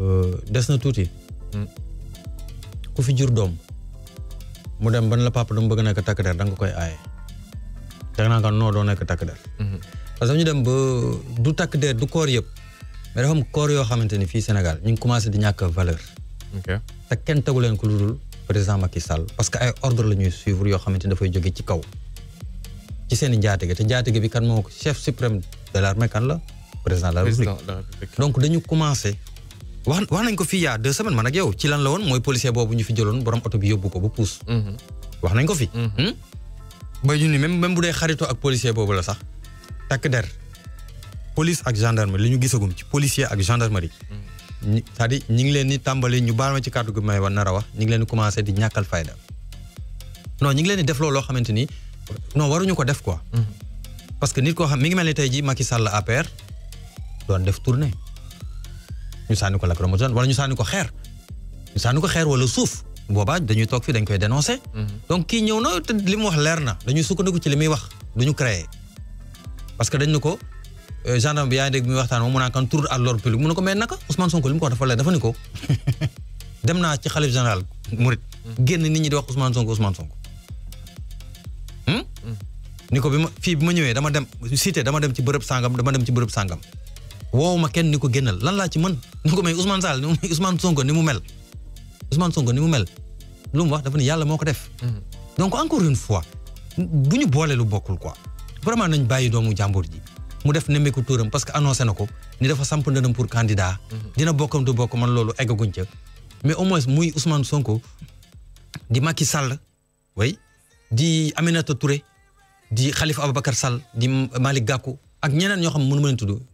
Euh, des na tuuti hmm. ku fi jur doom mu dem ban la papa dama bëgg nekk takk der da nga koy aaye da nga naan noo doo nekk takk der hmm. parce que ñu dem ba du takk der du koor yëpp mais dafa am yoo xamante ni fii Sénégal ñu ngi commencé di ñàkk valeur te kenn tegu leen ko lu dul président Macky Sall parce que ay ordre la ñuy suivre yoo xamante ni dafay jóge ci kaw ci seen i njaatige te njaatige bi kan moo chef suprême de l'armée kan la président de la donc dañu commencé wax nañ ko fi ya deux semaines man ak yow ci lan la woon mooy policier boobu ñu fi jëloon borom oto bi yóbbu ya ko ba puus. wax ah. nañ ko fi. ba ñu ni même même bu dee xaritoo ak policier boobu la sax takk der police ak gendarmerie li ñu gisagum ci policier ya ak gendarmerie. c'est-à-dire mhm. ñi ngi leen di tàmbali ñu baal ma ci kàddu gi may wa nar a wax ñi ngi leen ni commencé di ñàkkal fayda non ñi ngi leen ni def looloo xamante ni non waruñu ko def quoi. Mhm. parce que nit koo xam mi ngi mel ni tey Macky Sall APR doon def tournée. ñu sànni ko lacrymogène wala ñu sànni ko xeer ñu sànni ko xeer wala suuf boobaa dañuy toog fii dañ koy dénoncer. Mhm. donc kii ñëw na te li mu wax leer na dañuy sukkandiku ci li muy wax du ñu créer parce que dañ ne ko euh, gendarme bi yaa ngi dégg muy waxtaan moom mu naan kan tour à l'ordre public mu ne ko mais naka Ousmane Sonko ko wax dafa leer dafa ko dem naa ci xalif général Mouride. Mhm. génn nit ñi di wax Ousmane Sonko Ousmane Sonko. Hmm? Mhm. ni ko bi ma fii bi ma ñëwee dama dem cité dama dem ci bërëb sàngam dama dem ci bërëb sàngam wow ma kenn ni ko génnal lan la ci man ni ko may Ousmane Sall ni Ousmane Sonko ni mu mel Ousmane Sonko ni mu mel lu mu wax dafa ni Yalla moko def. Mhm. Kan donc encore une fois buñu bolé lu bokul quoi vraiment nañ bayyi doomu jambour ji mu def ko touram parce que annoncé nako ni dafa samp ndëndam pour candidat. Mhm. dina bokkam du bokk man loolu eggaguñ ci mais au moins muy Ousmane Sonko di Macky Sall way di Aminata Touré di Khalifa Ababacar Sall di Malik Gakou ak ñeneen ño xam ne mënu ma leen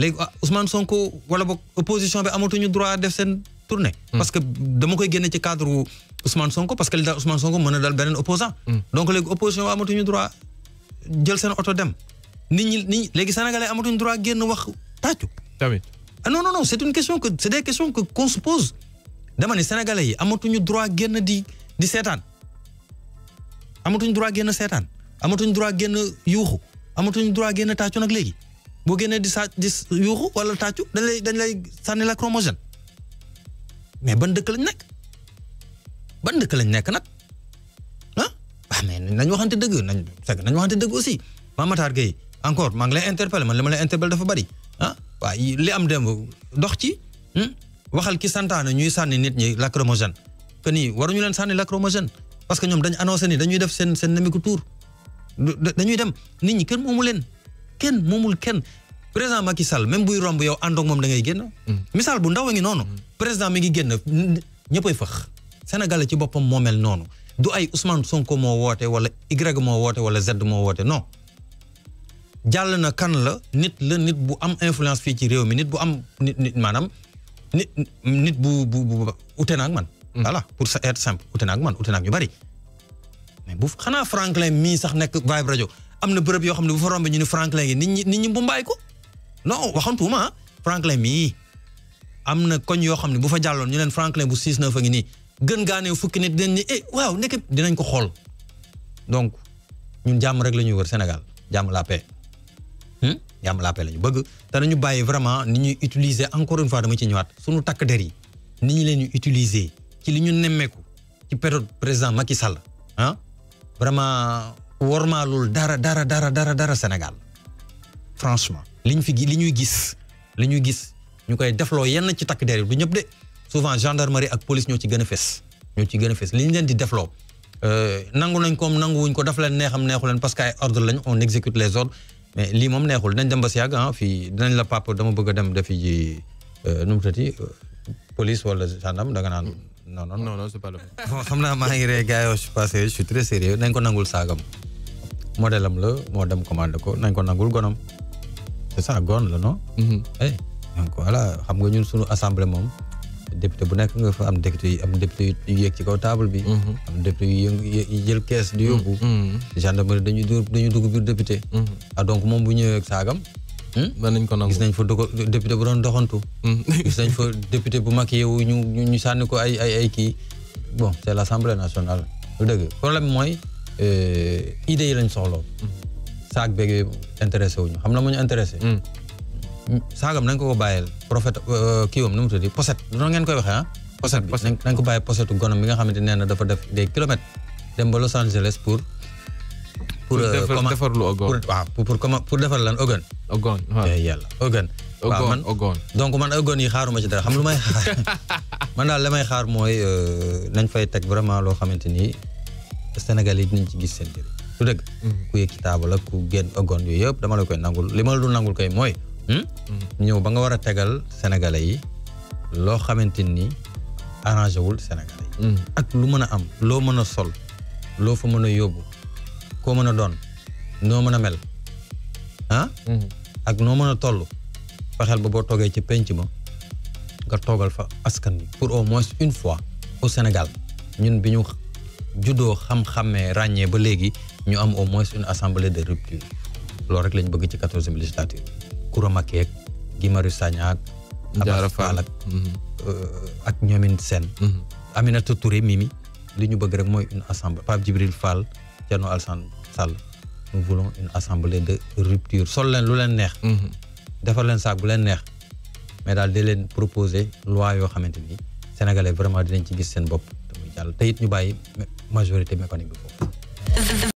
léegi ah, Ousmane Sonko wala boog opposition bi amatuñu droit def seen tournée. Hmm. parce que dama koy génne ci cadre Ousmane Sonko parce que li daal Ousmane Sonko mën na dal beneen opposant hmm. donc léegi opposition bi amatuñu droit jël seen oto dem. nit ñi nit léegi sénégalais amatuñu droit génn wax tàccu. tamit ah non non non c'est une question que c'est des questions que qu'on se pose dama ne sénégalais yi amatuñu droit génn di di seetaan amatuñu droit génn seetaan amatuñu droit génn yuuxu amatuñu droit génn tàccu nag léegi. boo génnee di saa di yuuxu wala tàccu dañ lay dañ lay sànni lacrymogène mais ban dëkk lañ nekk ban dëkk lañ nekk nag ah waaw mais nañ waxante dëgg nañ fekk nañ waxante dëgg aussi Mame Matar Gueye encore maa ngi lay interpellé man li ma lay interpellé dafa bari ah li am démb dox ci hmm? waxal ki santaane ñuy sànni nit ñi lacrymogène que nii waruñu leen sànni lacrymogène parce que ñoom dañ annoncé ni dañuy def seen seen nemiku tour dañuy dem nit ñi kenn moomu leen kenn moomul kenn président Macky Sall même buy romb yow àndoog moom da ngay génn. Mm. misaal bu ndaw a ngi noonu. Mm. président mi ngi génn ñëppay fëx. Sénégal ci boppam moo mel noonu du ay Ousmane Sonko moo woote wala Y moo woote wala Z moo woote non jàll na kan la nit la nit bu am influence fii ci réew mi nit bu am nit nit maanaam nit nit bu bu bu ute na man. Mm. voilà pour ça être simple ute ak man ute na ak ñu bari xanaa Franklin mii sax nekk Vibe am na bërëb yoo xam ne bu fa romb ñu ni Franklin yi nit ñi nit ñi mbumbaay ko non waxantuuma Franklin mii am na koñ yoo xam ne bu fa jàlloon ñu leen Franklin bu siis na a ngi nii gën gaane fukki nit dinañ ni eh waaw dinañ ko xool donc ñun jàmm rek la ñuy wër Sénégal jàmm la paix hmm? jàmm la paix la bëgg te nañu bàyyi vraiment ni ñuy utiliser encore une fois dama ci ñëwaat suñu takk der yi ni ñu leen di utiliser ci li ñu nemmeeku ci période président Macky Sall ah C'est dara dara dara dara dara Sénégal franchement liñ fi liñuy gis gis yenn ci tak der du souvent gendarmerie ak police ñoo ci a ñoo ci gën fess liñ leen di euh, nangu nañ nangu wuñ ko daf parce que ay ordre lañ on exécute les ordres mais neexul dañ dem ba ah, la dem euh, euh, police non non non c'est pas le même. bon xam naa maa ngi rey gars yi je suis passé je suis très sérieux nañ ko nangul saagam modèle am la moo dem commandé ko nañ ko nangul gonam c'est ça gon la non. Mhm. eh donc voilà xam nga ñun suñu assemblée moom. député bu nekk nga fa am député yi am député yu yéeg ci kaw table bi. Mhm. am député yu jël kees di yóbbu. Mhm. gendarmerie dañuy dañuy dugg biir député. ah donc moom bu ñëwee ak saagam. Hmm? mën nañ ko nangu gis nañ fa député bu doon doxantu. Hmm. gis nañ fa député bu mag yow ñu ñu sànni ko ay ay ay kii bon c' est l' assemblée nationale. lu dëgg problème mooy euh, idée yi lañ soxla. saag beeg intéressé wuñu xam na mu ñu intéressé. Hmm. saagam nañ ko ko bàyyeel prophète euh, kii wam nu mu tudd poset noonu ngeen koy waxee ah. poset bi nañ ko bàyyi posetu gonam bi nga xamante nee na dafa def des kilomètres dem ba Los Angeles pour. pour defarlu ogon pour pour pour defar lan ogon. ogon waaw yàlla e ogon. waaw man ogon donc man ogon yi xaaruma ci dara xam lu may xaar man daal li may xaar mooy nañ fay teg vraiment loo xamante ni Sénégal yi dinañ ci gis seen njëriñ. su dëgg ku yëg kitaaba la ku génn ogon yooyu yëpp dama la koy nangul li ma lu dul nangul koy mooy. ñëw ba nga war a tegal Sénégalais yi loo xamante ni arrangé wul Sénégalais lu mën a am loo mën a sol loo fa mën a yóbbu. ko meuna don, no meuna mel han mel ah mhm. ak no meuna tollu toll fexeel ba bo toge ci penc ma ga togal fa askan bi pour au moins une fois au Sénégal ñun biñu judo xam xamé ragné ba légui ñu am au moins une assemblée de rupture lo rek lañ bëgg ci 14e législature Koura maké ak Guy Marius Sagna ak ak mhm. euh, ak ñomine sen mhm. Aminata Touré Mimi liñu bëgg rek moy une assemblée Pape Djibril Fall Thierno Alsan Sall nous voulons une assemblée de rupture sol leen lu leen neex mhm. defar leen saak bu mais dans di leen proposer loi yoo xamante sénégalais vraiment dinañ ci gis seen bopp te muy jàll te it ñu bàyyi majorité mécanique